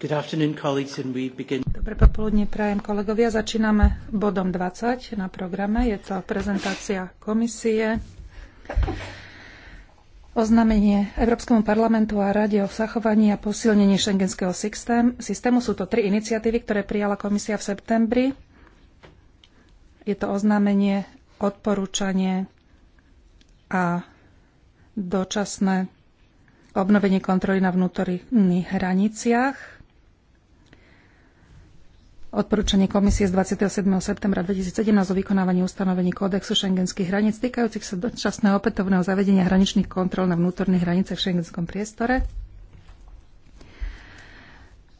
Good afternoon, colleagues, and we begin. Dobre popoludne prajem kolegovia. Začíname bodom 20 na programe. Je to prezentácia komisie. Oznámenie Európskemu parlamentu a Rade o vzachovaní a posilnení šengenského systému. Sú to tri iniciatívy, ktoré prijala komisia v septembri. Je to oznámenie, odporúčanie a dočasné obnovenie kontroly na vnútorných hraniciach odporúčanie komisie z 27. septembra 2017 o vykonávaní ustanovení kódexu šengenských hraníc týkajúcich sa dočasného opätovného zavedenia hraničných kontrol na vnútorných hraniciach v šengenskom priestore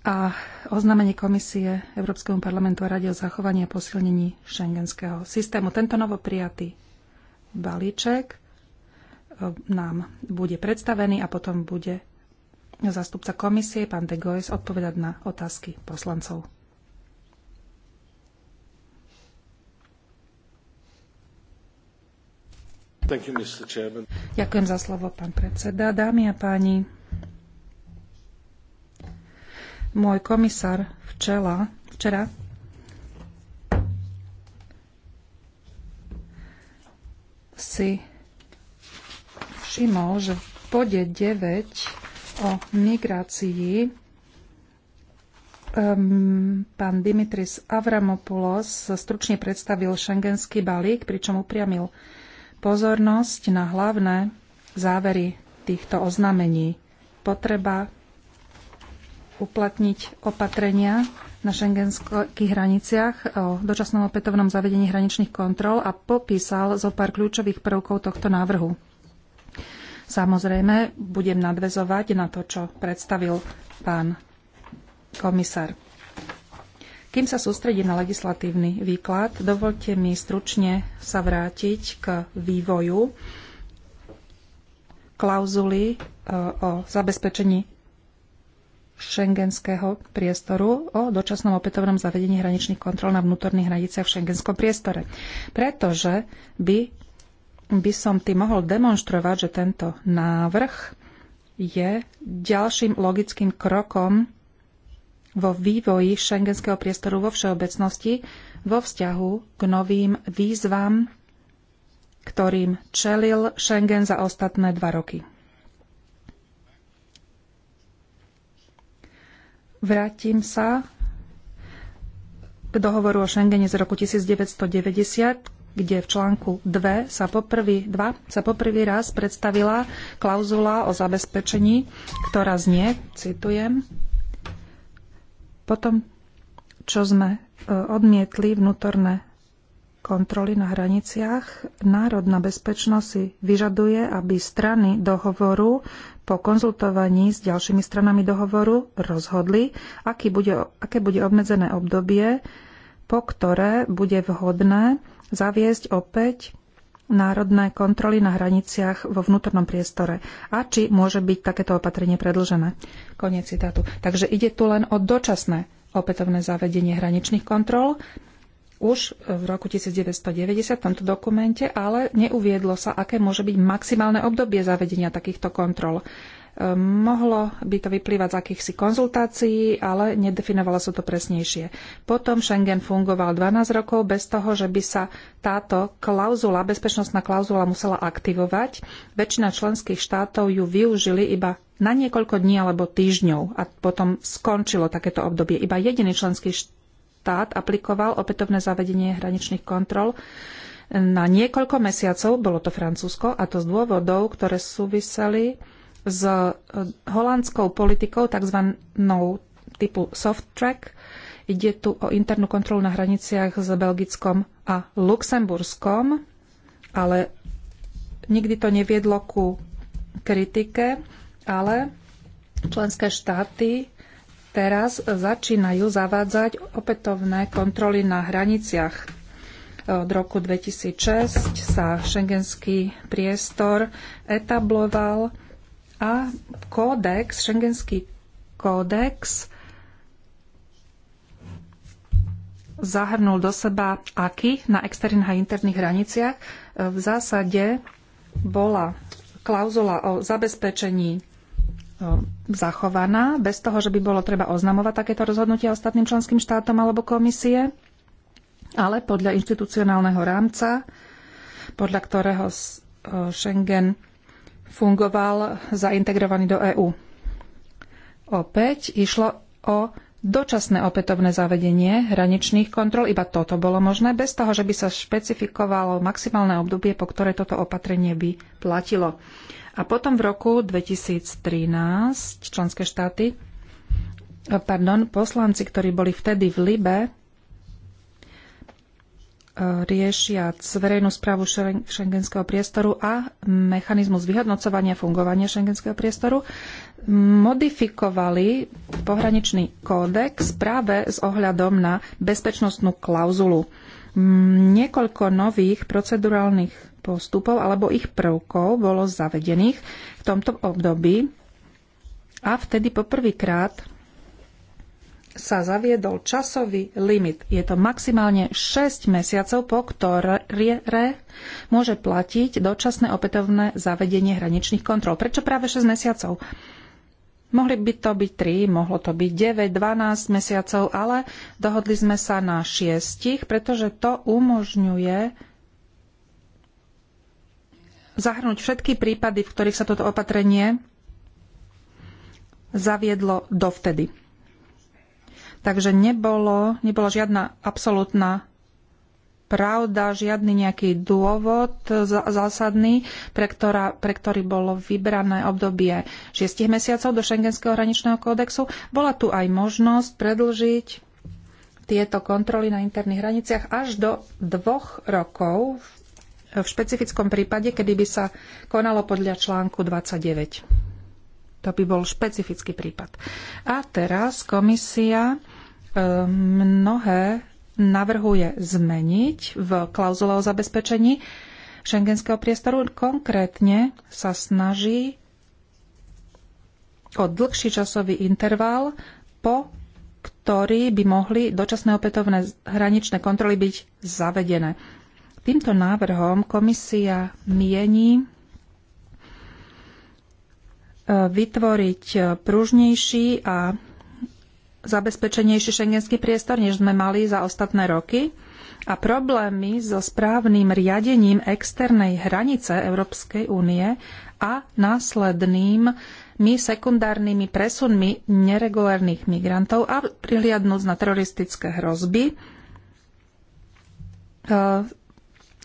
a oznámenie komisie Európskemu parlamentu a Rade o zachovaní a posilnení šengenského systému. Tento novoprijatý balíček e, nám bude predstavený a potom bude zastupca komisie, pán De Gois, odpovedať na otázky poslancov. Ďakujem za slovo, pán predseda. Dámy a páni, môj komisár včela, včera si všimol, že v bode 9 o migrácii ehm, pán Dimitris Avramopoulos stručne predstavil šengenský balík, pričom upriamil pozornosť na hlavné závery týchto oznamení. Potreba uplatniť opatrenia na šengenských hraniciach o dočasnom opätovnom zavedení hraničných kontrol a popísal zo pár kľúčových prvkov tohto návrhu. Samozrejme, budem nadvezovať na to, čo predstavil pán komisár. Kým sa sústredí na legislatívny výklad, dovolte mi stručne sa vrátiť k vývoju klauzuly e, o zabezpečení šengenského priestoru o dočasnom opätovnom zavedení hraničných kontrol na vnútorných hraniciach v šengenskom priestore. Pretože by, by som tým mohol demonstrovať, že tento návrh je ďalším logickým krokom vo vývoji šengenského priestoru vo všeobecnosti vo vzťahu k novým výzvam, ktorým čelil Schengen za ostatné dva roky. Vrátim sa k dohovoru o Schengene z roku 1990, kde v článku 2 sa poprvý, 2 sa poprvý raz predstavila klauzula o zabezpečení, ktorá znie, citujem, potom, čo sme e, odmietli vnútorné kontroly na hraniciach, národná bezpečnosť si vyžaduje, aby strany dohovoru po konzultovaní s ďalšími stranami dohovoru rozhodli, aký bude, aké bude obmedzené obdobie, po ktoré bude vhodné zaviesť opäť národné kontroly na hraniciach vo vnútornom priestore a či môže byť takéto opatrenie predlžené. Koniec citátu. Takže ide tu len o dočasné opätovné zavedenie hraničných kontrol už v roku 1990 v tomto dokumente, ale neuviedlo sa, aké môže byť maximálne obdobie zavedenia takýchto kontrol. Mohlo by to vyplývať z akýchsi konzultácií, ale nedefinovalo sa to presnejšie. Potom Schengen fungoval 12 rokov bez toho, že by sa táto klauzula, bezpečnostná klauzula musela aktivovať. Väčšina členských štátov ju využili iba na niekoľko dní alebo týždňov a potom skončilo takéto obdobie. Iba jediný členský štát aplikoval opätovné zavedenie hraničných kontrol na niekoľko mesiacov, bolo to Francúzsko, a to z dôvodov, ktoré súviseli s eh, holandskou politikou, tzv. typu soft track. Ide tu o internú kontrolu na hraniciach s Belgickom a Luxemburskom, ale nikdy to neviedlo ku kritike, ale členské štáty teraz začínajú zavádzať opätovné kontroly na hraniciach od roku 2006 sa šengenský priestor etabloval a kódex, šengenský kódex zahrnul do seba aky na externých a interných hraniciach. V zásade bola klauzula o zabezpečení e, zachovaná, bez toho, že by bolo treba oznamovať takéto rozhodnutie ostatným členským štátom alebo komisie, ale podľa inštitucionálneho rámca, podľa ktorého e, Schengen fungoval zaintegrovaný do EÚ. Opäť išlo o dočasné opätovné zavedenie hraničných kontrol, iba toto bolo možné, bez toho, že by sa špecifikovalo maximálne obdobie, po ktoré toto opatrenie by platilo. A potom v roku 2013 členské štáty, pardon, poslanci, ktorí boli vtedy v Libe, riešiac verejnú správu šengenského priestoru a mechanizmus vyhodnocovania fungovania šengenského priestoru, modifikovali pohraničný kódex práve s ohľadom na bezpečnostnú klauzulu. Mm, niekoľko nových procedurálnych postupov alebo ich prvkov bolo zavedených v tomto období a vtedy poprvýkrát sa zaviedol časový limit. Je to maximálne 6 mesiacov, po ktoré môže platiť dočasné opätovné zavedenie hraničných kontrol. Prečo práve 6 mesiacov? Mohli by to byť 3, mohlo to byť 9, 12 mesiacov, ale dohodli sme sa na 6, pretože to umožňuje zahrnúť všetky prípady, v ktorých sa toto opatrenie zaviedlo dovtedy. Takže nebolo, nebola žiadna absolútna pravda, žiadny nejaký dôvod zásadný, pre, ktorá, pre ktorý bolo vybrané obdobie 6 mesiacov do Schengenského hraničného kódexu. Bola tu aj možnosť predlžiť tieto kontroly na interných hraniciach až do dvoch rokov v špecifickom prípade, kedy by sa konalo podľa článku 29. To by bol špecifický prípad. A teraz komisia e, mnohé navrhuje zmeniť v klauzule o zabezpečení šengenského priestoru. Konkrétne sa snaží o dlhší časový interval, po ktorý by mohli dočasné opätovné hraničné kontroly byť zavedené. Týmto návrhom komisia mieni vytvoriť e, pružnejší a zabezpečenejší šengenský priestor, než sme mali za ostatné roky. A problémy so správnym riadením externej hranice Európskej únie a následnými sekundárnymi presunmi neregulárnych migrantov a prihliadnúť na teroristické hrozby, e,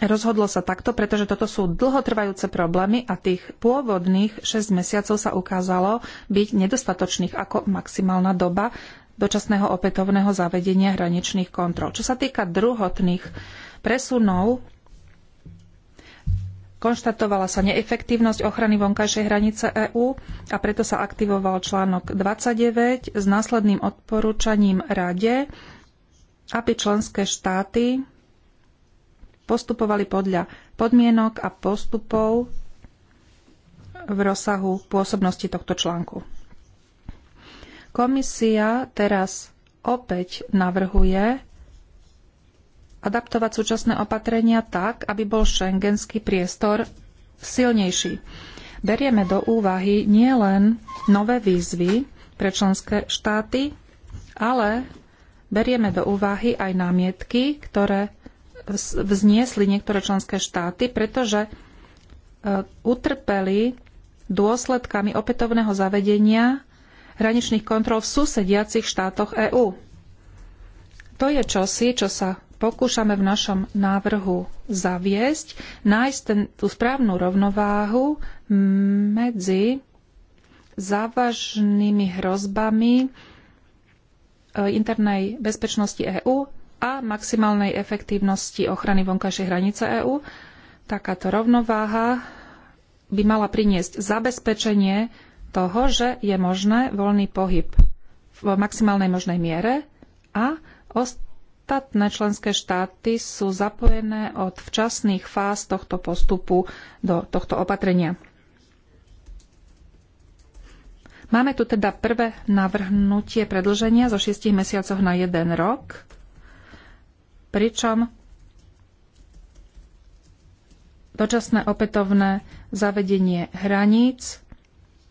rozhodlo sa takto, pretože toto sú dlhotrvajúce problémy a tých pôvodných 6 mesiacov sa ukázalo byť nedostatočných ako maximálna doba dočasného opätovného zavedenia hraničných kontrol. Čo sa týka druhotných presunov, konštatovala sa neefektívnosť ochrany vonkajšej hranice EÚ a preto sa aktivoval článok 29 s následným odporúčaním Rade, aby členské štáty postupovali podľa podmienok a postupov v rozsahu pôsobnosti tohto článku. Komisia teraz opäť navrhuje adaptovať súčasné opatrenia tak, aby bol šengenský priestor silnejší. Berieme do úvahy nielen nové výzvy pre členské štáty, ale berieme do úvahy aj námietky, ktoré vzniesli niektoré členské štáty, pretože e, utrpeli dôsledkami opätovného zavedenia hraničných kontrol v susediacich štátoch EÚ. To je čosi, čo sa pokúšame v našom návrhu zaviesť, nájsť ten, tú správnu rovnováhu medzi závažnými hrozbami e, internej bezpečnosti EÚ a maximálnej efektívnosti ochrany vonkajšej hranice EÚ. Takáto rovnováha by mala priniesť zabezpečenie toho, že je možné voľný pohyb v maximálnej možnej miere a ostatné členské štáty sú zapojené od včasných fáz tohto postupu do tohto opatrenia. Máme tu teda prvé navrhnutie predlženia zo 6 mesiacov na 1 rok pričom dočasné opätovné zavedenie hraníc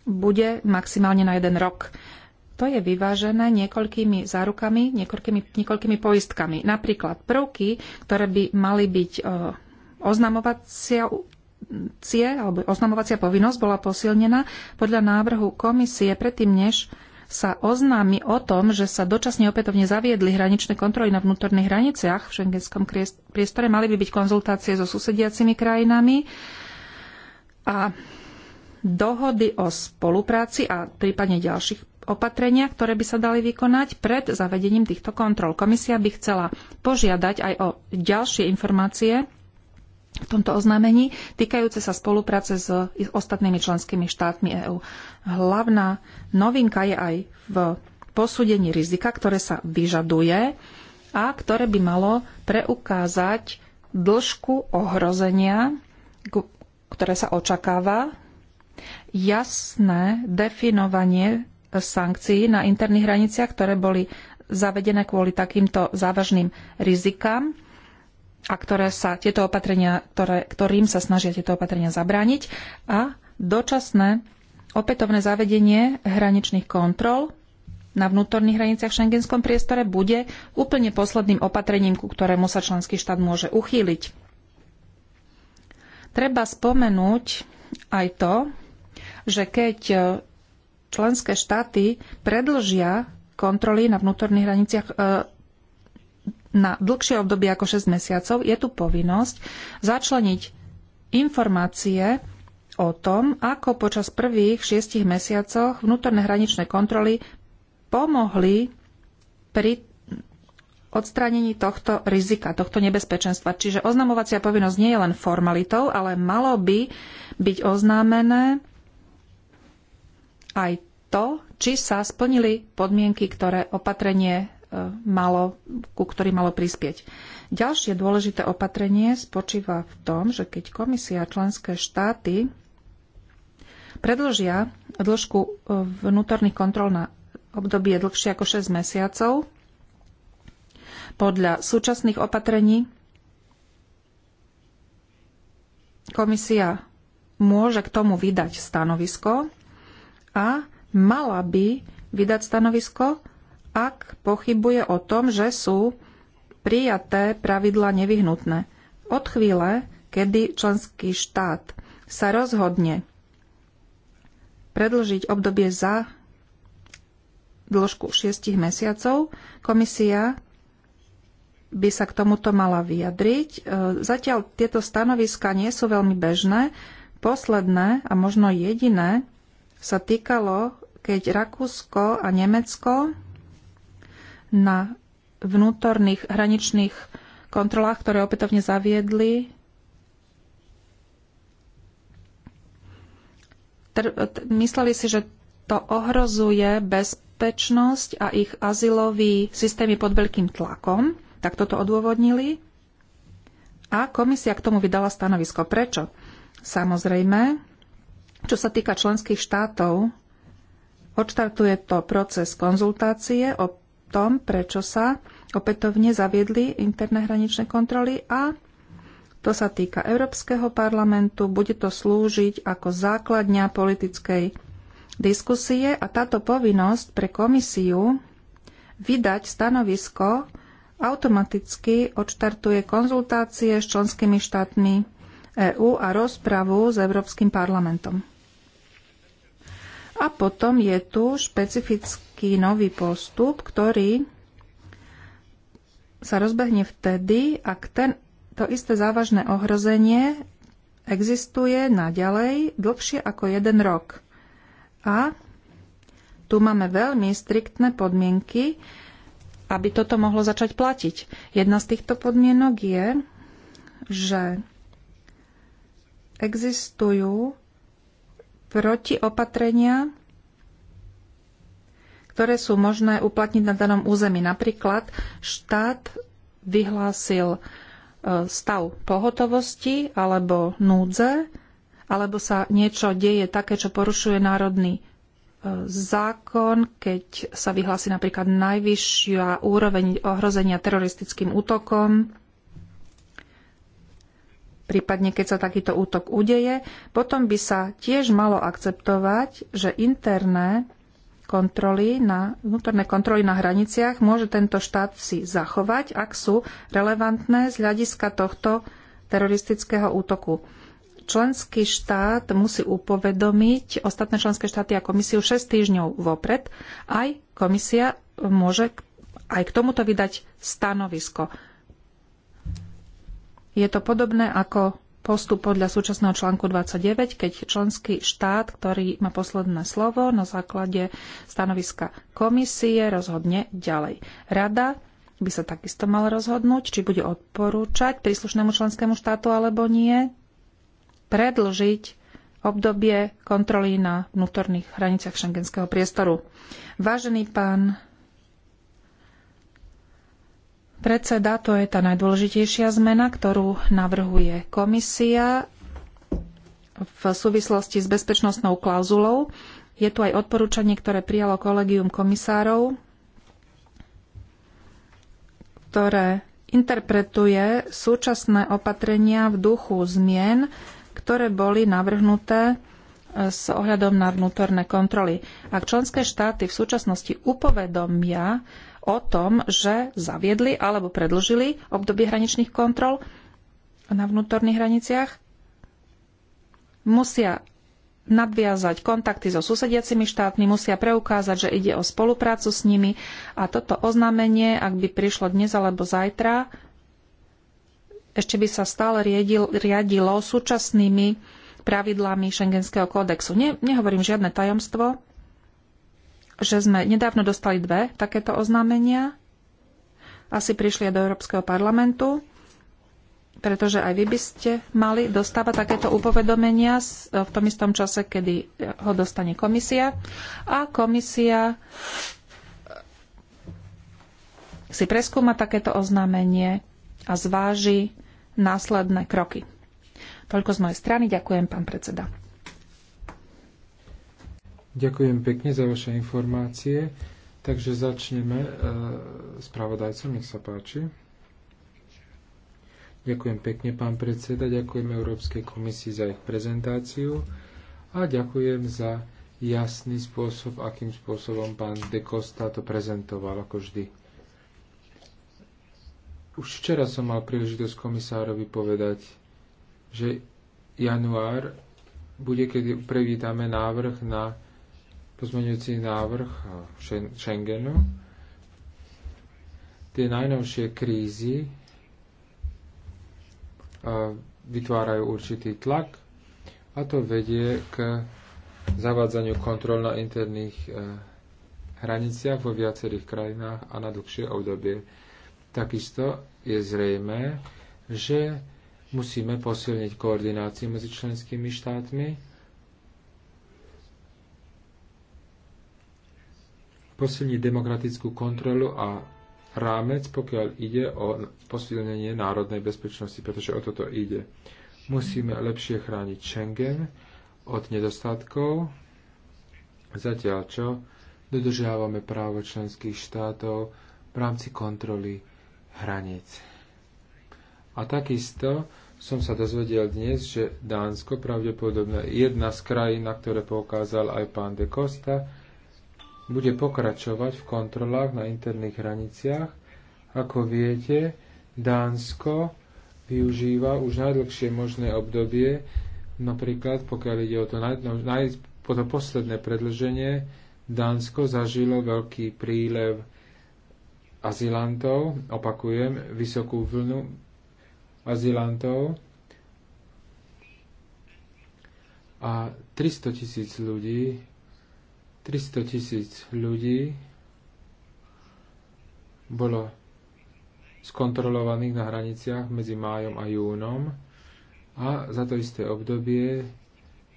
bude maximálne na jeden rok. To je vyvážené niekoľkými zárukami, niekoľkými, niekoľkými poistkami. Napríklad prvky, ktoré by mali byť e, oznamovacia alebo oznamovacia povinnosť bola posilnená podľa návrhu komisie predtým, než sa oznámi o tom, že sa dočasne opätovne zaviedli hraničné kontroly na vnútorných hraniciach v šengenskom priestore, mali by byť konzultácie so susediacimi krajinami a dohody o spolupráci a prípadne ďalších opatrenia, ktoré by sa dali vykonať pred zavedením týchto kontrol. Komisia by chcela požiadať aj o ďalšie informácie v tomto oznámení týkajúce sa spolupráce s ostatnými členskými štátmi EÚ. Hlavná novinka je aj v posúdení rizika, ktoré sa vyžaduje a ktoré by malo preukázať dĺžku ohrozenia, ktoré sa očakáva, jasné definovanie sankcií na interných hraniciach, ktoré boli zavedené kvôli takýmto závažným rizikám a ktoré sa tieto opatrenia, ktoré, ktorým sa snažia tieto opatrenia zabrániť a dočasné opätovné zavedenie hraničných kontrol na vnútorných hraniciach v šengenskom priestore bude úplne posledným opatrením, ku ktorému sa členský štát môže uchýliť. Treba spomenúť aj to, že keď členské štáty predlžia kontroly na vnútorných hraniciach e, na dlhšie obdobie ako 6 mesiacov, je tu povinnosť začleniť informácie o tom, ako počas prvých 6 mesiacoch vnútorné hraničné kontroly pomohli pri odstránení tohto rizika, tohto nebezpečenstva. Čiže oznamovacia povinnosť nie je len formalitou, ale malo by byť oznámené aj to, či sa splnili podmienky, ktoré opatrenie malo, ku ktorým malo prispieť. Ďalšie dôležité opatrenie spočíva v tom, že keď komisia a členské štáty predlžia dĺžku e, vnútorných kontrol na obdobie dlhšie ako 6 mesiacov, podľa súčasných opatrení komisia môže k tomu vydať stanovisko a mala by vydať stanovisko ak pochybuje o tom, že sú prijaté pravidla nevyhnutné. Od chvíle, kedy členský štát sa rozhodne predlžiť obdobie za dĺžku 6 mesiacov, komisia by sa k tomuto mala vyjadriť. E, zatiaľ tieto stanoviska nie sú veľmi bežné. Posledné a možno jediné sa týkalo, keď Rakúsko a Nemecko na vnútorných hraničných kontrolách, ktoré opätovne zaviedli. mysleli si, že to ohrozuje bezpečnosť a ich azylový systém je pod veľkým tlakom. Tak toto odôvodnili. A komisia k tomu vydala stanovisko. Prečo? Samozrejme, čo sa týka členských štátov, odštartuje to proces konzultácie o tom, prečo sa opätovne zaviedli interné hraničné kontroly a to sa týka Európskeho parlamentu, bude to slúžiť ako základňa politickej diskusie a táto povinnosť pre komisiu vydať stanovisko automaticky odštartuje konzultácie s členskými štátmi EÚ a rozpravu s Európskym parlamentom. A potom je tu špecifický nový postup, ktorý sa rozbehne vtedy, ak ten, to isté závažné ohrozenie existuje naďalej dlhšie ako jeden rok. A tu máme veľmi striktné podmienky, aby toto mohlo začať platiť. Jedna z týchto podmienok je, že existujú protiopatrenia, ktoré sú možné uplatniť na danom území. Napríklad štát vyhlásil e, stav pohotovosti alebo núdze, alebo sa niečo deje také, čo porušuje národný e, zákon, keď sa vyhlási napríklad najvyššia úroveň ohrozenia teroristickým útokom prípadne keď sa takýto útok udeje, potom by sa tiež malo akceptovať, že interné kontroly na, vnútorné kontroly na hraniciach môže tento štát si zachovať, ak sú relevantné z hľadiska tohto teroristického útoku. Členský štát musí upovedomiť ostatné členské štáty a komisiu 6 týždňov vopred. Aj komisia môže aj k tomuto vydať stanovisko. Je to podobné ako postup podľa súčasného článku 29, keď členský štát, ktorý má posledné slovo na základe stanoviska komisie, rozhodne ďalej. Rada by sa takisto mala rozhodnúť, či bude odporúčať príslušnému členskému štátu alebo nie, predlžiť obdobie kontroly na vnútorných hraniciach šengenského priestoru. Vážený pán predseda, to je tá najdôležitejšia zmena, ktorú navrhuje komisia v súvislosti s bezpečnostnou klauzulou. Je tu aj odporúčanie, ktoré prijalo kolegium komisárov, ktoré interpretuje súčasné opatrenia v duchu zmien, ktoré boli navrhnuté e, s ohľadom na vnútorné kontroly. Ak členské štáty v súčasnosti upovedomia o tom, že zaviedli alebo predlžili obdobie hraničných kontrol na vnútorných hraniciach. Musia nadviazať kontakty so susediacimi štátmi, musia preukázať, že ide o spoluprácu s nimi a toto oznámenie, ak by prišlo dnes alebo zajtra, ešte by sa stále riedil, riadilo súčasnými pravidlami Schengenského kódexu. Ne, nehovorím žiadne tajomstvo, že sme nedávno dostali dve takéto oznámenia. Asi prišli do Európskeho parlamentu, pretože aj vy by ste mali dostávať takéto upovedomenia e, v tom istom čase, kedy e, ho dostane komisia. A komisia e, si preskúma takéto oznámenie a zváži následné kroky. Toľko z mojej strany. Ďakujem, pán predseda. Ďakujem pekne za vaše informácie. Takže začneme e, pravodajcom, nech sa páči. Ďakujem pekne, pán predseda, ďakujem Európskej komisii za ich prezentáciu a ďakujem za jasný spôsob, akým spôsobom pán De Costa to prezentoval, ako vždy. Už včera som mal príležitosť komisárovi povedať, že január bude, keď prevítame návrh na pozmeňujúci návrh Schengenu. Tie najnovšie krízy vytvárajú určitý tlak a to vedie k zavádzaniu kontrol na interných e, hraniciach vo viacerých krajinách a na dlhšie obdobie. Takisto je zrejme, že musíme posilniť koordináciu medzi členskými štátmi posilniť demokratickú kontrolu a rámec, pokiaľ ide o posilnenie národnej bezpečnosti, pretože o toto ide. Musíme lepšie chrániť Schengen od nedostatkov, zatiaľ čo dodržiavame právo členských štátov v rámci kontroly hraníc. A takisto som sa dozvedel dnes, že Dánsko pravdepodobne jedna z krajín, na ktoré poukázal aj pán de Costa, bude pokračovať v kontrolách na interných hraniciach. Ako viete, Dánsko využíva už najdlhšie možné obdobie, napríklad pokiaľ ide o to, naj, no, naj, po to posledné predlženie, Dánsko zažilo veľký prílev azilantov, opakujem, vysokú vlnu azilantov, a 300 tisíc ľudí 300 tisíc ľudí bolo skontrolovaných na hraniciach medzi májom a júnom a za to isté obdobie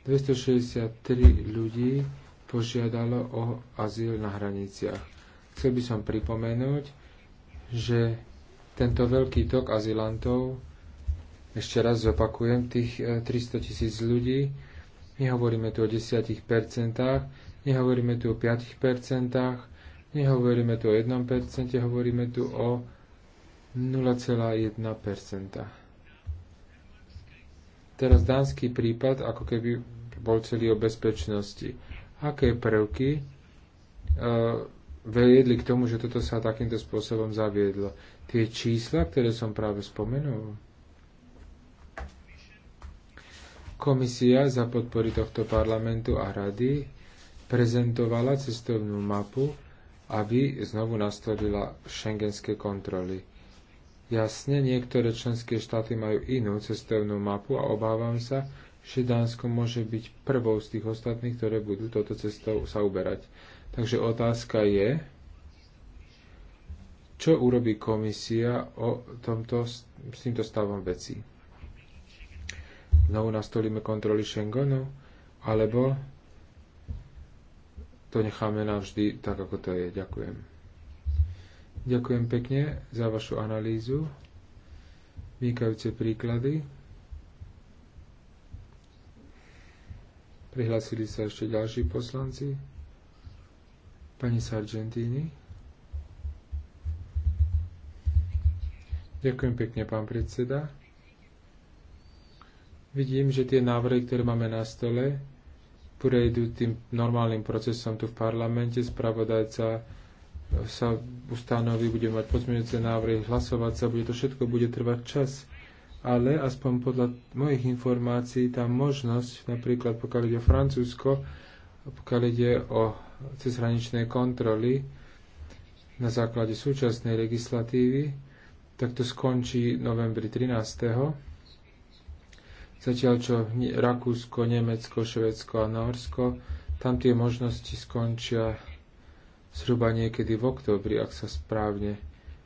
263 ľudí požiadalo o azyl na hraniciach. Chcel by som pripomenúť, že tento veľký tok azylantov, ešte raz zopakujem, tých 300 eh, tisíc ľudí, nehovoríme tu o 10 percentách, Nehovoríme tu o 5%, nehovoríme tu o 1%, hovoríme tu o 0,1%. Teraz dánsky prípad, ako keby bol celý o bezpečnosti. Aké prvky uh, e, vedli k tomu, že toto sa takýmto spôsobom zaviedlo. Tie čísla, ktoré som práve spomenul. Komisia za podpory tohto parlamentu a rady prezentovala cestovnú mapu, aby znovu nastavila šengenské kontroly. Jasne, niektoré členské štáty majú inú cestovnú mapu a obávam sa, že Dánsko môže byť prvou z tých ostatných, ktoré budú toto cestou sa uberať. Takže otázka je, čo urobí komisia o tomto, s týmto stavom vecí. Znovu nastolíme kontroly Schengenu, alebo to necháme navždy tak, ako to je. Ďakujem. Ďakujem pekne za vašu analýzu. Vynikajúce príklady. Prihlasili sa ešte ďalší poslanci. Pani Sargentini. Ďakujem pekne, pán predseda. Vidím, že tie návrhy, ktoré máme na stole, prejdú tým normálnym procesom tu v parlamente. Spravodajca sa ustanoví, bude mať pozmeňujúce návrhy, hlasovať sa, bude to všetko, bude trvať čas. Ale aspoň podľa mojich informácií tá možnosť, napríklad pokiaľ ide o Francúzsko, pokiaľ ide o cezhraničné kontroly na základe súčasnej legislatívy, tak to skončí novembri 13 Zatiaľ čo Rakúsko, Nemecko, Švedsko a Norsko, tam tie možnosti skončia zhruba niekedy v oktobri, ak, sa správne,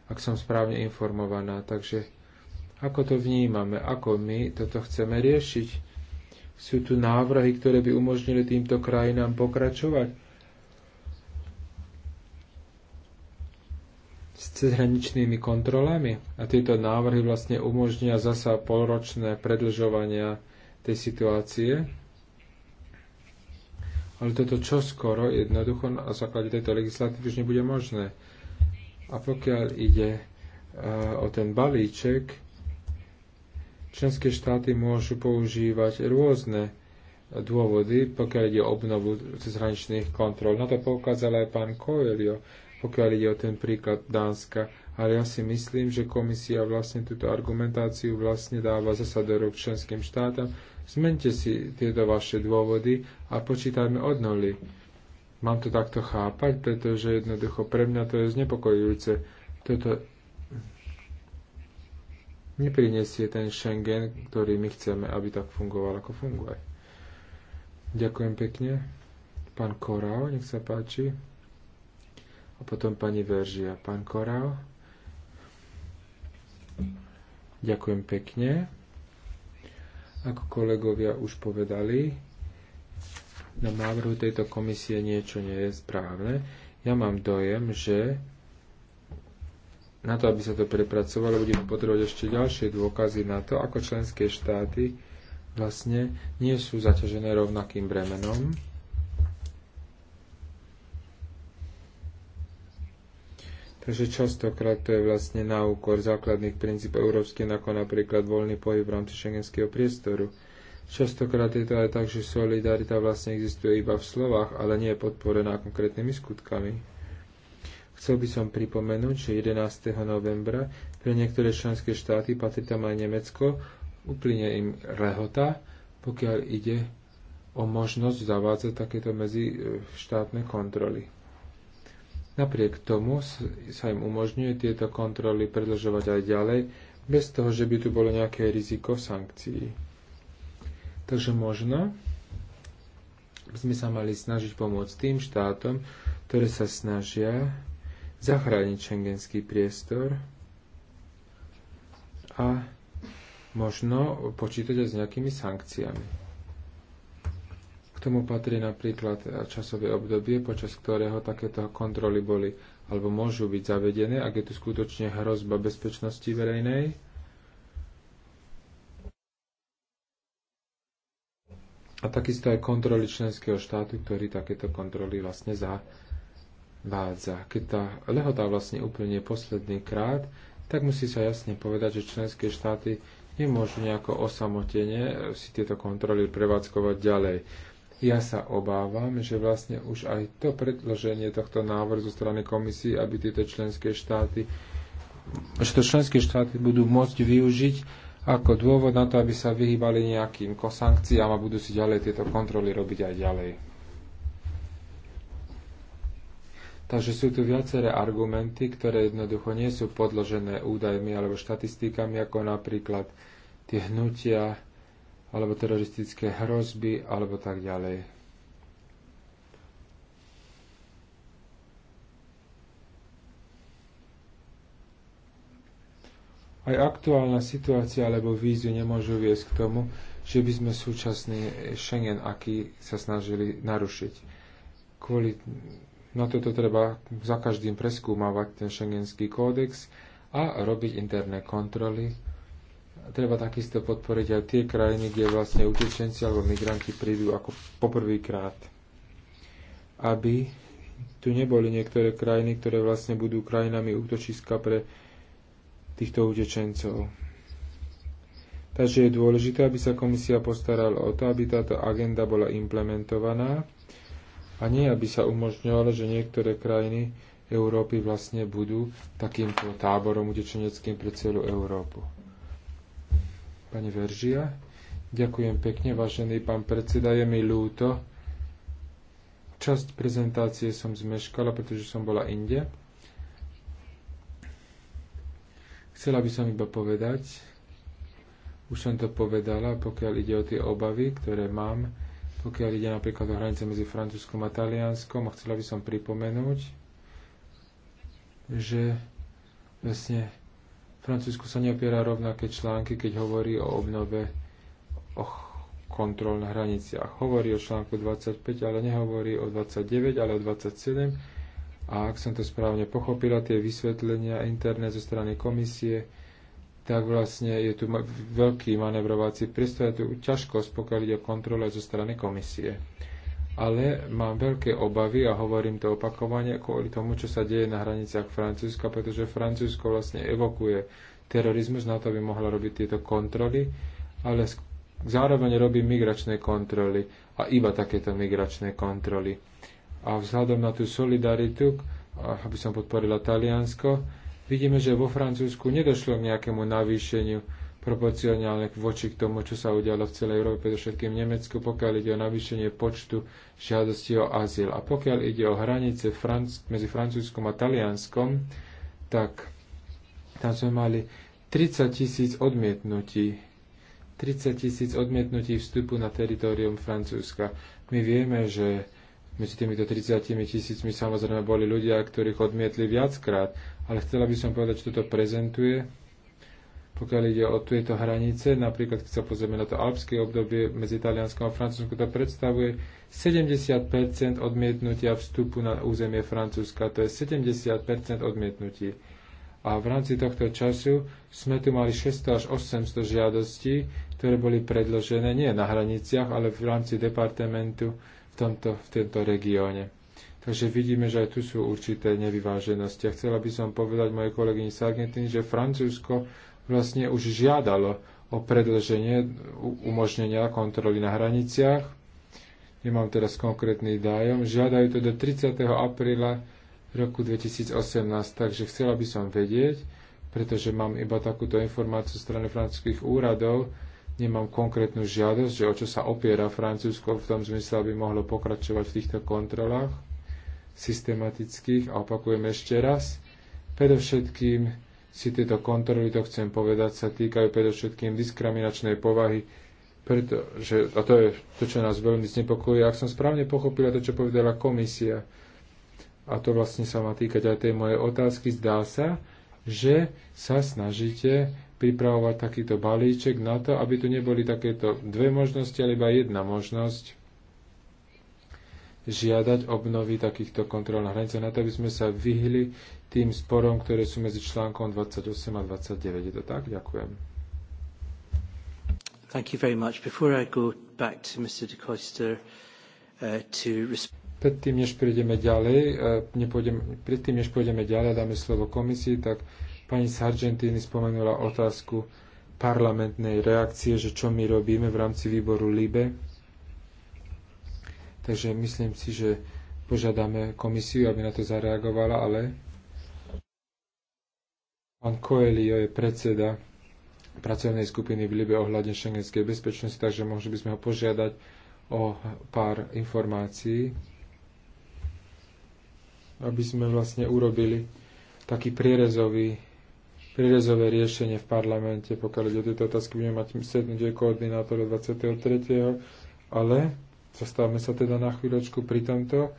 ak som správne informovaná. Takže ako to vnímame, ako my toto chceme riešiť? Sú tu návrhy, ktoré by umožnili týmto krajinám pokračovať? s cezhraničnými kontrolami a tieto návrhy vlastne umožnia zasa polročné predlžovania tej situácie. Ale toto čo skoro jednoducho na základe tejto legislatívy už nebude možné. A pokiaľ ide e, o ten balíček, členské štáty môžu používať rôzne dôvody, pokiaľ ide o obnovu cezhraničných kontrol. Na to poukázal aj pán Coelho pokiaľ ide o ten príklad Dánska. Ale ja si myslím, že komisia vlastne túto argumentáciu vlastne dáva zasa do rúk členským štátom. Zmente si tieto vaše dôvody a počítajme od nuly. Mám to takto chápať, pretože jednoducho pre mňa to je znepokojujúce. Toto neprinesie ten Schengen, ktorý my chceme, aby tak fungoval, ako funguje. Ďakujem pekne. Pán Korál, nech sa páči a potom pani Veržia. Pán Korau. Ďakujem pekne. Ako kolegovia už povedali, na návrhu tejto komisie niečo nie je správne. Ja mám dojem, že na to, aby sa to prepracovalo, budeme potrebovať ešte ďalšie dôkazy na to, ako členské štáty vlastne nie sú zaťažené rovnakým bremenom Takže častokrát to je vlastne na úkor základných princípov európskych, ako napríklad voľný pohyb v rámci šengenského priestoru. Častokrát je to aj tak, že solidarita vlastne existuje iba v slovách, ale nie je podporená konkrétnymi skutkami. Chcel by som pripomenúť, že 11. novembra pre niektoré členské štáty, patrí tam aj Nemecko, uplyne im rehota, pokiaľ ide o možnosť zavádzať takéto medzištátne kontroly. Napriek tomu sa im umožňuje tieto kontroly predlžovať aj ďalej, bez toho, že by tu bolo nejaké riziko sankcií. Takže možno by sme sa mali snažiť pomôcť tým štátom, ktoré sa snažia zachrániť šengenský priestor a možno počítať aj s nejakými sankciami tomu patrí napríklad e, časové obdobie, počas ktorého takéto kontroly boli alebo môžu byť zavedené, ak je tu skutočne hrozba bezpečnosti verejnej. A takisto aj kontroly členského štátu, ktorý takéto kontroly vlastne zavádza. Keď tá lehota vlastne úplne posledný krát, tak musí sa jasne povedať, že členské štáty nemôžu nejako osamotene e, si tieto kontroly prevádzkovať ďalej ja sa obávam, že vlastne už aj to predloženie tohto návrhu zo strany komisie, aby tieto členské štáty, že to členské štáty budú môcť využiť ako dôvod na to, aby sa vyhýbali nejakým sankciám a budú si ďalej tieto kontroly robiť aj ďalej. Takže sú tu viaceré argumenty, ktoré jednoducho nie sú podložené údajmi alebo štatistikami, ako napríklad tie hnutia, alebo teroristické hrozby, alebo tak ďalej. Aj aktuálna situácia alebo víziu nemôžu viesť k tomu, že by sme súčasný Schengen, aký sa snažili narušiť. Kvôli, na toto treba za každým preskúmavať ten šengenský kódex a robiť interné kontroly, treba takisto podporiť aj tie krajiny, kde vlastne utečenci alebo migranti prídu ako poprvýkrát. Aby tu neboli niektoré krajiny, ktoré vlastne budú krajinami útočiska pre týchto utečencov. Takže je dôležité, aby sa komisia postarala o to, aby táto agenda bola implementovaná a nie, aby sa umožňovalo, že niektoré krajiny Európy vlastne budú takýmto táborom utečeneckým pre celú Európu. Pani Veržia. Ďakujem pekne, vážený pán predseda. Je mi ľúto. Časť prezentácie som zmeškala, pretože som bola inde. Chcela by som iba povedať, už som to povedala, pokiaľ ide o tie obavy, ktoré mám, pokiaľ ide napríklad o hranice medzi Francúzskom a Talianskom, a chcela by som pripomenúť, že vlastne Francúzsko sa neopiera rovnaké články, keď hovorí o obnove o kontrol na hraniciach. Hovorí o článku 25, ale nehovorí o 29, ale o 27. A ak som to správne pochopila, tie vysvetlenia interné zo strany komisie, tak vlastne je tu veľký manevrovací priestor, je tu ťažkosť, pokiaľ ide o kontrole zo strany komisie ale mám veľké obavy a hovorím to opakovane kvôli tomu, čo sa deje na hraniciach Francúzska, pretože Francúzsko vlastne evokuje terorizmus, na to by mohla robiť tieto kontroly, ale zároveň robí migračné kontroly a iba takéto migračné kontroly. A vzhľadom na tú solidaritu, eh, aby som podporila Taliansko, vidíme, že vo Francúzsku nedošlo k nejakému navýšeniu proporcionálne voči k tomu, čo sa udialo v celej Európe, do v Nemecku, pokiaľ ide o navýšenie počtu žiadostí o azyl. A pokiaľ ide o hranice Franc- medzi Francúzskom a Talianskom, tak tam sme mali 30 tisíc odmietnutí. 30 tisíc odmietnutí vstupu na teritorium Francúzska. My vieme, že medzi týmito 30 tisícmi samozrejme boli ľudia, ktorých odmietli viackrát, ale chcela by som povedať, že toto prezentuje pokiaľ ide o tieto hranice, napríklad keď sa pozrieme na to alpské obdobie medzi Talianskom a Francúzskom, to predstavuje 70 odmietnutia vstupu na územie Francúzska. To je 70 odmietnutí. A v rámci tohto času sme tu mali 600 až 800 žiadostí, ktoré boli predložené nie na hraniciach, ale v rámci departamentu v tomto, v tomto regióne. Takže vidíme, že aj tu sú určité nevyváženosti. A chcela by som povedať mojej kolegyni Sargentini, že Francúzsko vlastne už žiadalo o predlženie umožnenia kontroly na hraniciach. Nemám teraz konkrétny dájom. Žiadajú to do 30. apríla roku 2018, takže chcela by som vedieť, pretože mám iba takúto informáciu strany francúzských úradov, nemám konkrétnu žiadosť, že o čo sa opiera Francúzsko v tom zmysle, aby mohlo pokračovať v týchto kontrolách systematických. A opakujem ešte raz, predovšetkým si tieto kontroly, to chcem povedať, sa týkajú predovšetkým diskriminačnej povahy, pretože, a to je to, čo nás veľmi znepokojuje, ak som správne pochopila to, čo povedala komisia, a to vlastne sa má týkať aj tej mojej otázky, zdá sa, že sa snažíte pripravovať takýto balíček na to, aby tu neboli takéto dve možnosti, ale iba jedna možnosť žiadať obnovy takýchto kontrol na hranice, na to, aby sme sa vyhli tým sporom, ktoré sú medzi článkom 28 a 29. Je to tak? Ďakujem. Thank you very much. Before I go back to Mr. De Costa, uh, to Predtým, než pôjdeme ďalej, uh, nepôjdem, predtým, než pôjdeme ďalej, dáme slovo komisii, tak pani Sargentini spomenula otázku parlamentnej reakcie, že čo my robíme v rámci výboru LIBE. Takže myslím si, že požiadame komisiu, aby na to zareagovala, ale Pán koelio je predseda pracovnej skupiny v Libe ohľadne šengenskej bezpečnosti, takže mohli by sme ho požiadať o pár informácií, aby sme vlastne urobili taký prierezový, prierezové riešenie v parlamente, pokiaľ ide o tieto otázky, budeme mať aj koordinátora 23. Ale zostávame sa teda na chvíľočku pri tomto,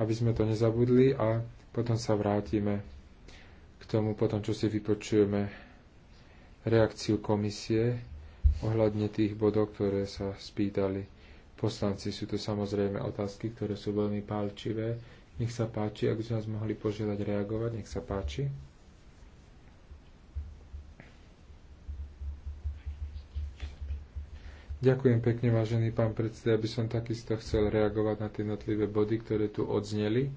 aby sme to nezabudli a potom sa vrátime tomu potom, čo si vypočujeme reakciu komisie ohľadne tých bodov, ktoré sa spýtali poslanci. Sú to samozrejme otázky, ktoré sú veľmi pálčivé. Nech sa páči, ak by sme nás mohli požiadať reagovať, nech sa páči. Ďakujem pekne, vážený pán predseda. Ja by som takisto chcel reagovať na tie jednotlivé body, ktoré tu odzneli.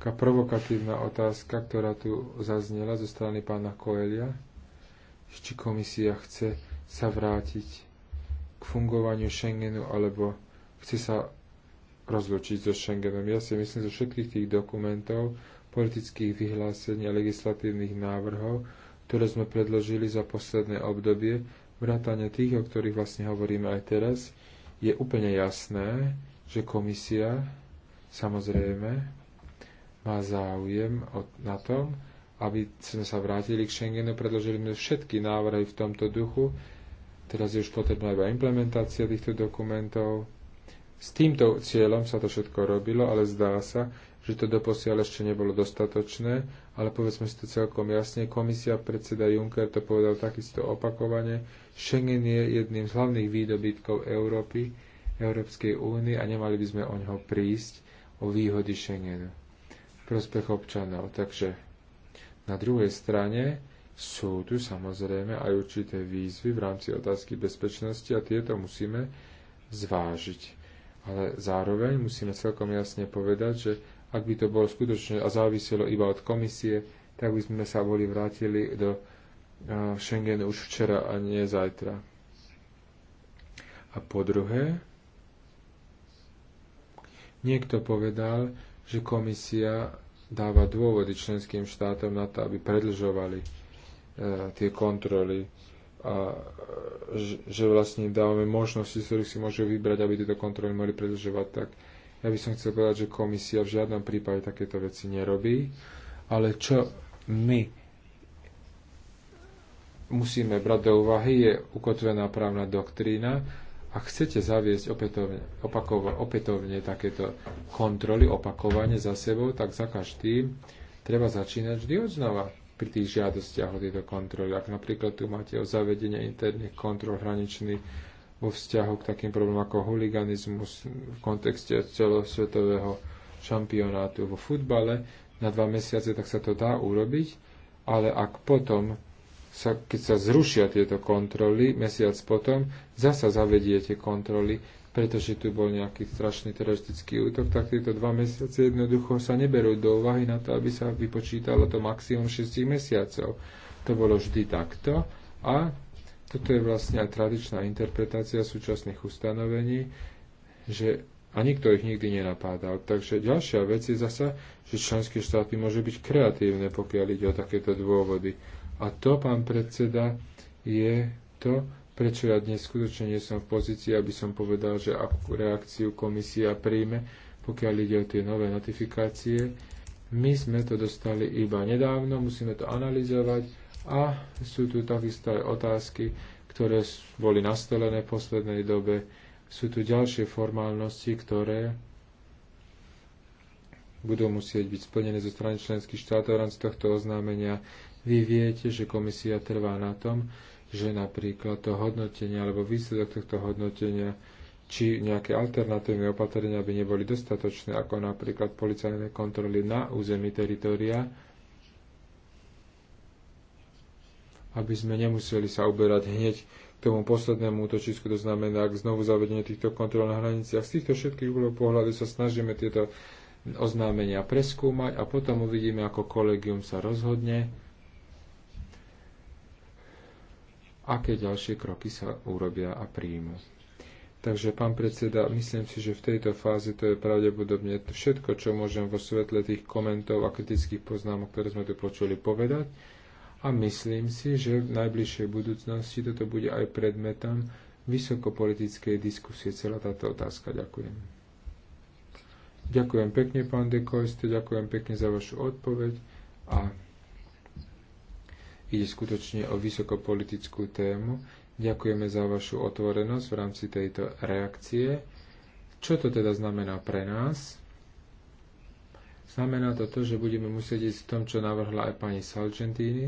taká provokatívna otázka, ktorá tu zaznela zo strany pána Koelia, či komisia chce sa vrátiť k fungovaniu Schengenu alebo chce sa rozlučiť so Schengenom. Ja si myslím, zo všetkých tých dokumentov, politických vyhlásení a legislatívnych návrhov, ktoré sme predložili za posledné obdobie, vrátane tých, o ktorých vlastne hovoríme aj teraz, je úplne jasné, že komisia, samozrejme, má záujem na tom, aby sme sa vrátili k Schengenu, predložili sme všetky návrhy v tomto duchu. Teraz je už potrebná iba implementácia týchto dokumentov. S týmto cieľom sa to všetko robilo, ale zdá sa, že to doposiaľ ešte nebolo dostatočné, ale povedzme si to celkom jasne, komisia predseda Juncker to povedal takisto opakovane, Schengen je jedným z hlavných výdobytkov Európy, Európskej únie a nemali by sme o ňoho prísť, o výhody Schengenu prospech občanov. Takže na druhej strane sú tu samozrejme aj určité výzvy v rámci otázky bezpečnosti a tieto musíme zvážiť. Ale zároveň musíme celkom jasne povedať, že ak by to bolo skutočne a záviselo iba od komisie, tak by sme sa boli vrátili do e, Schengen už včera a nie zajtra. A po druhé, niekto povedal, že komisia dáva dôvody členským štátom na to, aby predlžovali e, tie kontroly a e, že vlastne dávame možnosti, z ktorých si môžu vybrať, aby tieto kontroly mohli predlžovať, tak ja by som chcel povedať, že komisia v žiadnom prípade takéto veci nerobí, ale čo my musíme brať do úvahy, je ukotvená právna doktrína ak chcete zaviesť opätovne, opakova, opätovne takéto kontroly, opakovane za sebou, tak za každým treba začínať vždy od znova pri tých žiadostiach o tieto kontroly. Ak napríklad tu máte o zavedenie interných kontrol hraničných vo vzťahu k takým problémom ako huliganizmus v kontexte celosvetového šampionátu vo futbale na dva mesiace, tak sa to dá urobiť, ale ak potom sa, keď sa zrušia tieto kontroly, mesiac potom zasa zavediete kontroly, pretože tu bol nejaký strašný teroristický útok, tak tieto dva mesiace jednoducho sa neberú do úvahy na to, aby sa vypočítalo to maximum 6 mesiacov. To bolo vždy takto a toto je vlastne aj tradičná interpretácia súčasných ustanovení, že a nikto ich nikdy nenapádal. Takže ďalšia vec je zasa, že členské štáty môžu byť kreatívne, pokiaľ ide o takéto dôvody. A to, pán predseda, je to, prečo ja dnes skutočne nie som v pozícii, aby som povedal, že akú reakciu komisia príjme, pokiaľ ide o tie nové notifikácie. My sme to dostali iba nedávno, musíme to analyzovať a sú tu takisto aj otázky, ktoré boli nastolené v poslednej dobe. Sú tu ďalšie formálnosti, ktoré budú musieť byť splnené zo strany členských štátov v rámci tohto oznámenia. Vy viete, že komisia trvá na tom, že napríklad to hodnotenie alebo výsledok tohto hodnotenia či nejaké alternatívne opatrenia by neboli dostatočné, ako napríklad policajné kontroly na území teritoria, aby sme nemuseli sa uberať hneď k tomu poslednému útočisku, to znamená k znovu zavedeniu týchto kontrol na hraniciach. Z týchto všetkých úhlov pohľadu sa snažíme tieto oznámenia preskúmať a potom uvidíme, ako kolegium sa rozhodne aké ďalšie kroky sa urobia a príjmu. Takže, pán predseda, myslím si, že v tejto fáze to je pravdepodobne všetko, čo môžem vo svetle tých komentov a kritických poznámok, ktoré sme tu počuli, povedať. A myslím si, že v najbližšej budúcnosti toto bude aj predmetom vysokopolitickej diskusie celá táto otázka. Ďakujem. Ďakujem pekne, pán Dekojste, ďakujem pekne za vašu odpoveď a Ide skutočne o vysokopolitickú tému. Ďakujeme za vašu otvorenosť v rámci tejto reakcie. Čo to teda znamená pre nás? Znamená to to, že budeme musieť ísť v tom, čo navrhla aj pani Salgentini,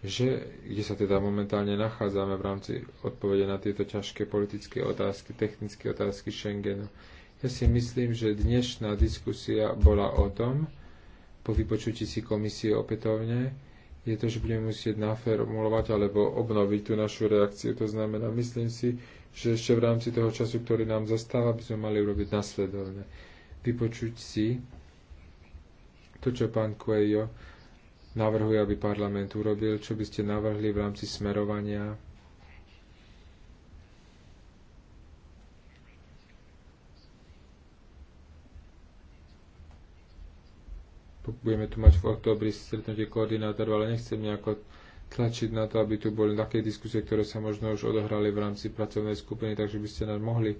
že, kde sa teda momentálne nachádzame v rámci odpovede na tieto ťažké politické otázky, technické otázky Schengenu. Ja si myslím, že dnešná diskusia bola o tom, po vypočutí si komisie opätovne, je to, že budeme musieť naformulovať alebo obnoviť tú našu reakciu. To znamená, myslím si, že ešte v rámci toho času, ktorý nám zastáva, by sme mali urobiť nasledovne. Vypočuť si to, čo pán Kuejo navrhuje, aby parlament urobil, čo by ste navrhli v rámci smerovania budeme tu mať v oktobri stretnutie koordinátorov, ale nechcem nejako tlačiť na to, aby tu boli také diskusie, ktoré sa možno už odohrali v rámci pracovnej skupiny, takže by ste nás mohli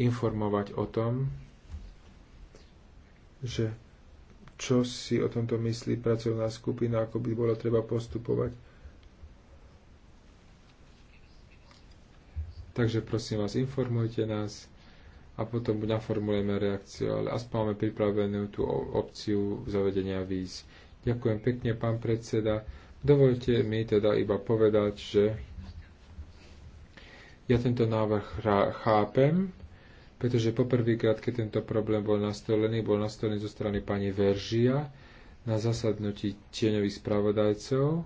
informovať o tom, že čo si o tomto myslí pracovná skupina, ako by bolo treba postupovať. Takže prosím vás, informujte nás a potom naformulujeme reakciu, ale aspoň máme pripravenú tú opciu zavedenia víz. Ďakujem pekne, pán predseda. Dovolte mi teda iba povedať, že ja tento návrh chápem, pretože poprvýkrát, keď tento problém bol nastolený, bol nastolený zo strany pani Veržia na zasadnutí tieňových spravodajcov.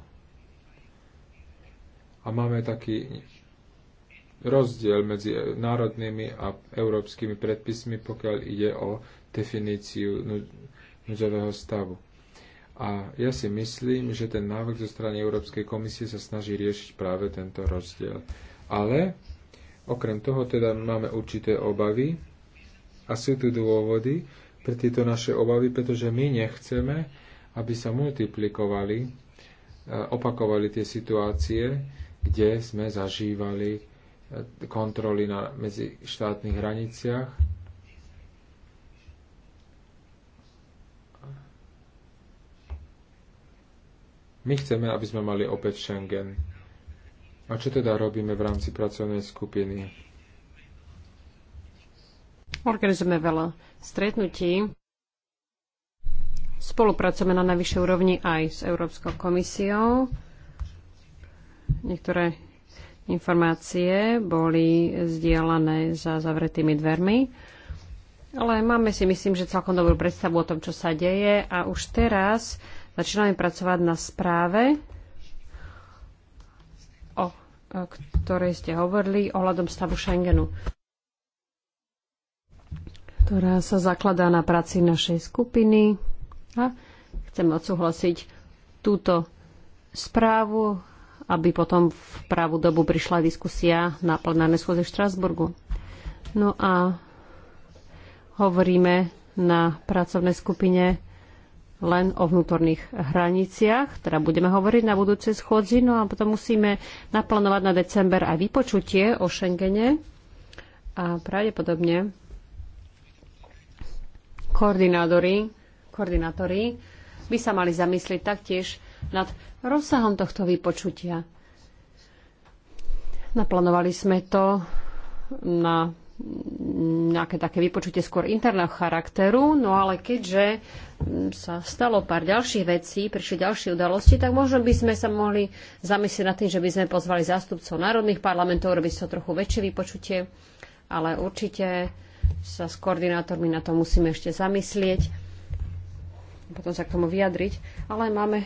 A máme taký rozdiel medzi národnými a európskymi predpismi, pokiaľ ide o definíciu núdzového stavu. A ja si myslím, že ten návrh zo strany Európskej komisie sa snaží riešiť práve tento rozdiel. Ale okrem toho teda máme určité obavy a sú tu dôvody pre tieto naše obavy, pretože my nechceme, aby sa multiplikovali, e, opakovali tie situácie, kde sme zažívali E, kontroly na medzištátnych hraniciach. My chceme, aby sme mali opäť Schengen. A čo teda robíme v rámci pracovnej skupiny? Organizujeme veľa stretnutí. Spolupracujeme na najvyššej úrovni aj s Európskou komisiou. Niektoré informácie boli zdieľané za zavretými dvermi. Ale máme si, myslím, že celkom dobrú predstavu o tom, čo sa deje a už teraz začíname pracovať na správe, o ktorej ste hovorili, ohľadom stavu Schengenu ktorá sa zakladá na práci našej skupiny. A chcem odsúhlasiť túto správu aby potom v pravú dobu prišla diskusia na plenárnej schôze v Štrasburgu. No a hovoríme na pracovnej skupine len o vnútorných hraniciach, teda budeme hovoriť na budúcej schôdzi, no a potom musíme naplánovať na december aj vypočutie o Schengene a pravdepodobne koordinátori, koordinátori by sa mali zamyslieť taktiež nad rozsahom tohto vypočutia. Naplánovali sme to na nejaké také vypočutie skôr interného charakteru, no ale keďže sa stalo pár ďalších vecí, prišli ďalšie udalosti, tak možno by sme sa mohli zamyslieť nad tým, že by sme pozvali zástupcov národných parlamentov, robiť to trochu väčšie vypočutie, ale určite sa s koordinátormi na to musíme ešte zamyslieť, potom sa k tomu vyjadriť, ale máme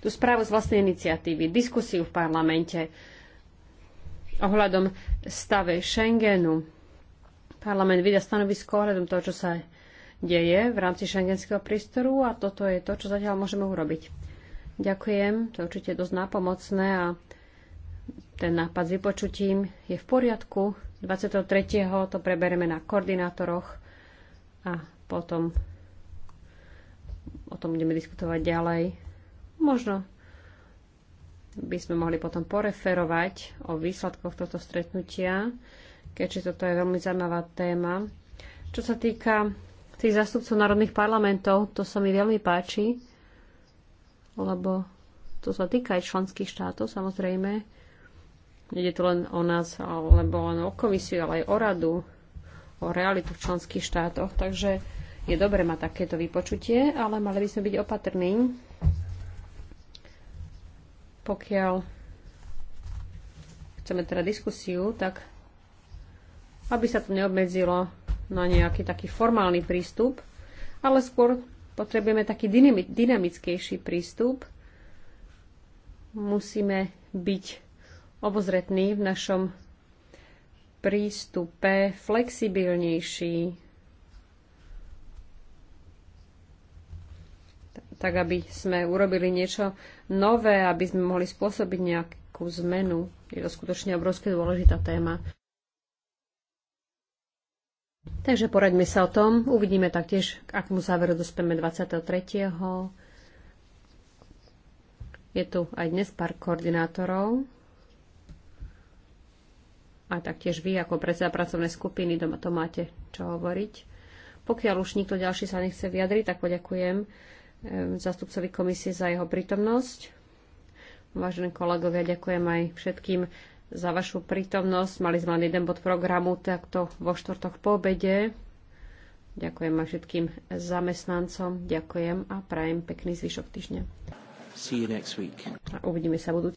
tú správu z vlastnej iniciatívy, diskusiu v parlamente ohľadom stave Schengenu. Parlament vydá stanovisko ohľadom toho, čo sa deje v rámci šengenského prístoru, a toto je to, čo zatiaľ môžeme urobiť. Ďakujem, to je určite dosť nápomocné a ten nápad s vypočutím je v poriadku. 23. to prebereme na koordinátoroch a potom o tom budeme diskutovať ďalej. Možno by sme mohli potom poreferovať o výsledkoch tohto stretnutia, keďže toto je veľmi zaujímavá téma. Čo sa týka tých zastupcov národných parlamentov, to sa mi veľmi páči, lebo to sa týka aj členských štátov, samozrejme. Nede to len o nás, alebo len o komisiu, ale aj o radu, o realitu v členských štátoch. Takže je dobre mať takéto vypočutie, ale mali by sme byť opatrní, pokiaľ chceme teda diskusiu, tak aby sa to neobmedzilo na nejaký taký formálny prístup, ale skôr potrebujeme taký dynamickejší prístup. Musíme byť obozretní v našom prístupe, flexibilnejší, tak aby sme urobili niečo nové, aby sme mohli spôsobiť nejakú zmenu. Je to skutočne obrovské dôležitá téma. Takže poraďme sa o tom. Uvidíme taktiež, k akému záveru dospeme 23. Je tu aj dnes pár koordinátorov. A taktiež vy ako predseda pracovnej skupiny doma to máte čo hovoriť. Pokiaľ už nikto ďalší sa nechce vyjadriť, tak poďakujem E, zastupcovi komisie za jeho prítomnosť. Vážení kolegovia, ďakujem aj všetkým za vašu prítomnosť. Mali sme len jeden bod programu, takto vo štvrtok po obede. Ďakujem aj všetkým zamestnancom, ďakujem a prajem pekný zvyšok týždňa. See you next week. A uvidíme sa budúci.